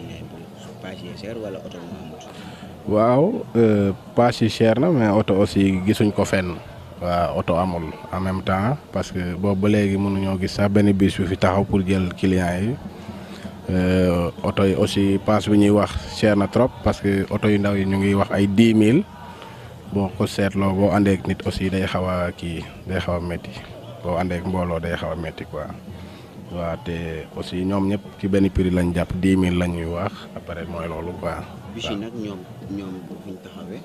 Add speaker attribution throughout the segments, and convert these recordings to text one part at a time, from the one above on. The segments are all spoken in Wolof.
Speaker 1: Iya,
Speaker 2: waaw eh, pas si cher na mais auto aussi gisun ko fenn waaw oto amul en même temps parce que bo ba léegi ñoo gis sax benn bis fi taxaw pour jël client yi euh auto yi aussi pass bi ñuy wax cher na trop parce que auto yu ndaw yi ñu ngi wax ay dix mille boo ko seetloo boo àndeek nit aussi day xawa ki day xawa metti bo boo ak mbolo day xawa metti quoi waaw te aussi ñom ñep ci benn prix lañ japp 10000 mille ñuy wax ah, après moy lolu quoi.
Speaker 3: bis ci nak ñom ñom buñ taxawé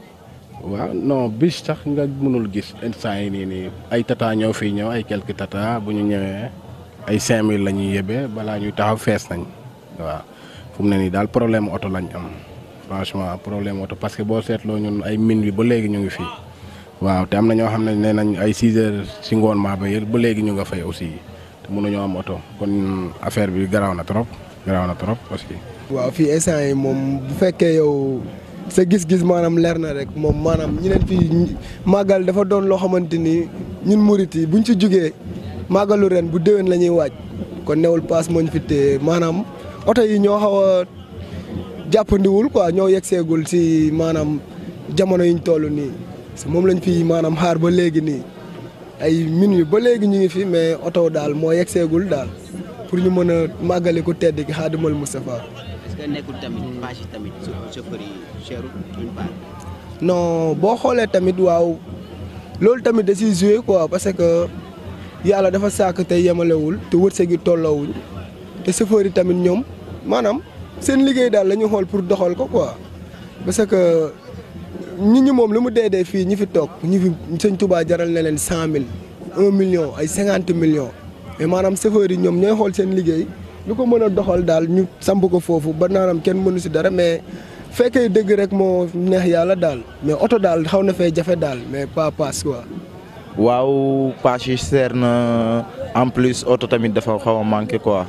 Speaker 2: wa non ci tax nga mënul gis instant yi ni ay tata ñoo fi ñëw ay quelques tata buñu ñëwé ay 5000 mille la ñuy yebee balaa ñuy taxaw fess nañ wa fu mu ne dal problème auto lañ am franchement problème auto parce que boo seetloo ñun ay min bi ba légui ñu ngi fi waaw té am na ñoo xamné nañ ay 6h ci ngone ma ba yël ba légui ñu nga fay aussi. mun mënuñoo am oto kon affaire bi garaaw na trop garaaw na trop
Speaker 1: waaw fii instant yi moom bu fekkee yow sa gis-gis maanaam leer na rek moom maanaam ñu leen fii màggal dafa doon loo xamante ni ñun murit yi buñ si jugee màggalu ren bu déwén la ñuy waaj kon newul paas moo ñu fi téye maanaam oto yi ñoo xaw a jàppandiwul quoi ñoo yegseegul si maanaam jamono yiñ toll nii moom lañ fi maanaam xaar ba léegi nii. ay minuit ba léegi ñu ngi fi mais oto daal moo yegseegul daal pour ñu mën a màggale ko tedd gi xaadimal Moustapha. est-ce que nekkul tamit bâche tamit chauffeur yi cherul boo xoolee tamit waaw loolu tamit da ciy joué quoi parce que yàlla dafa sàkk te yemalewul te wërsëg yi tolloowuñ te chauffeur yi tamit ñoom maanaam seen liggéey daal lañu xool pour doxal ko quoi parce nit ñu moom lu mu dee dee fii ñi fi toog ñi fi sëñ Touba jaral na leen cent mille un million ay cinquante millions mais maanaam chauffeurs yi ñoom ñooy xool seen liggéey lu ko mën a doxal daal ñu samp ko foofu ba naanam kenn mënu si dara mais fekkee dëgg rek moo neex yàlla daal mais oto daal xaw na fee jafe daal mais pas paas quoi.
Speaker 3: waaw paas yi seer na en plus oto tamit dafa xaw a manqué quoi.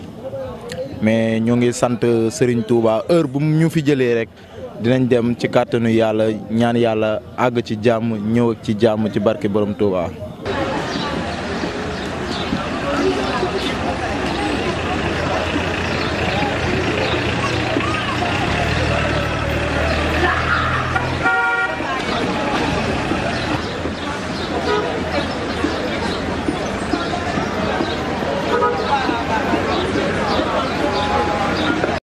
Speaker 3: mais ñoo ngi sant Serigne Touba heure bu ñu fi jëlee rek dinañ dem ci kàttanu yàlla ñaan yàlla àgg ci jàmm ñëw ci jàmm ci barke borom Touba.